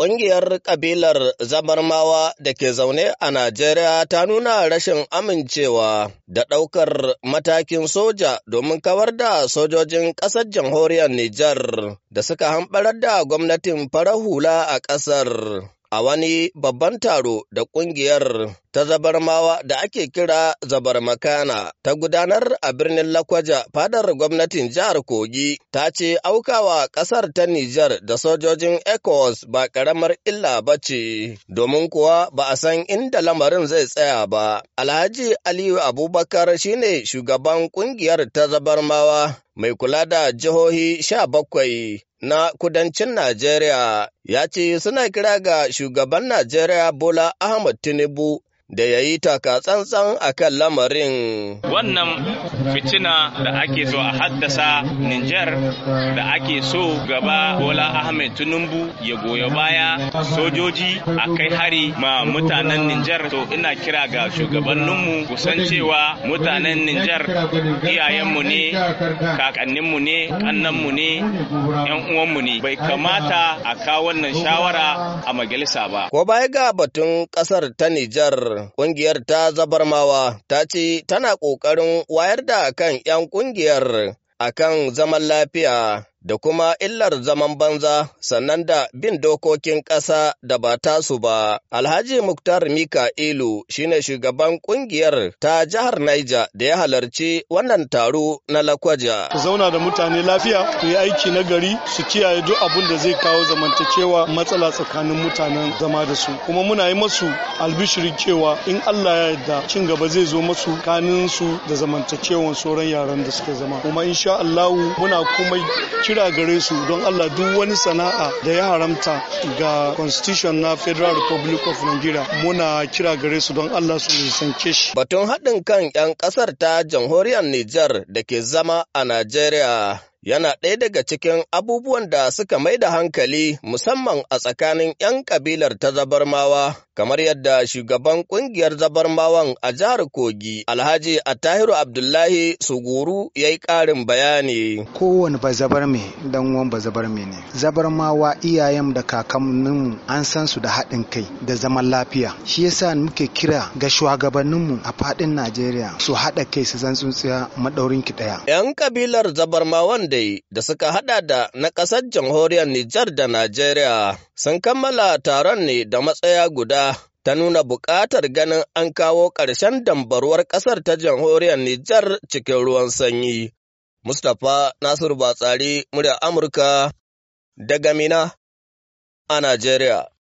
Ƙungiyar ƙabilar Zabarmawa da ke zaune a Najeriya ta nuna rashin amincewa da ɗaukar matakin soja domin kawar da sojojin ƙasar jamhuriyar Nijar da suka hamɓarar da gwamnatin farar hula a ƙasar. a wani babban taro da ƙungiyar ta zabarmawa da ake kira zabarmakana ta gudanar a birnin Lakwaja fadar gwamnatin jihar Kogi ta ce aukawa ƙasar ta Nijar da sojojin Ecos ba ƙaramar illa ba ce, domin kuwa ba a san inda lamarin zai tsaya ba. Alhaji Aliyu Abubakar shine shugaban ƙungiyar ta zabarmawa mai kula da jihohi sha bakwai na kudancin Najeriya ya ce suna kira ga shugaban Najeriya Bola Ahmad Tinubu da ya yi takatsantsan a kan lamarin. Wannan fitina da ake so a haddasa Nijar da ake so gaba Bola Ahmed Tinubu ya goya baya sojoji a kai hari ma mutanen Nijar to ina kira ga shugabanninmu kusan cewa mutanen Nijar iyayenmu ne kakanninmu ne kannanmu ne yan uwanmu ne bai kamata a kawo wannan shawara a majalisa ba. Ko baya ga batun ƙasar ta Nijar ƙungiyar. ta zabarmawa ta ce tana ƙoƙarin wayar da kan ‘yan ƙungiyar akan zaman lafiya da kuma illar zaman banza sannan da bin dokokin ƙasa da ba tasu ba. Alhaji Muktar Mika'ilu shine shugaban ƙungiyar ta jihar Niger da ya halarci wannan taro na Lakwaja. Ku zauna da mutane lafiya, ku yi aiki na gari, su kiyaye duk abin da zai kawo zamantakewa matsala tsakanin mutanen zama da su. Kuma muna yi masu albishirin cewa in Allah ya yarda cin gaba zai zo masu kanin su da zamantakewan sauran yaran da suke zama. Kuma insha Allahu muna kuma kira gare su don Allah duk wani sana'a da ya haramta ga constitution na Federal Republic of Nigeria muna kira gare su don Allah su nisanke shi. Batun haɗin kan 'yan ƙasar ta jamhuriyar Nijar da ke zama a Najeriya yana ɗaya daga cikin abubuwan da suka mai da hankali musamman a tsakanin 'yan kabilar ta zabarmawa, kamar yadda shugaban ƙungiyar zabarmawan a jihar Kogi, Alhaji Attahiru Abdullahi Suguru ya yi ƙarin bayani. Kowane bazabarme dan uwan bazabarme ne. Zabarmawa iyayen da kakanninmu an san su da haɗin kai da zaman lafiya. Shi yasa muke kira ga shugabanninmu a faɗin Najeriya su haɗa kai su zan tsuntsiya maɗaurinki ɗaya. 'Yan kabilar zabarmawan dai da suka hada da na ƙasar jamhuriyar Nijar da Najeriya sun kammala taron ne da matsaya guda ta nuna buƙatar ganin an kawo ƙarshen dambaruwar ƙasar ta jamhuriyar Nijar cikin ruwan sanyi. Mustapha Nasiru Batsari, murya Amurka, daga Mina a Najeriya.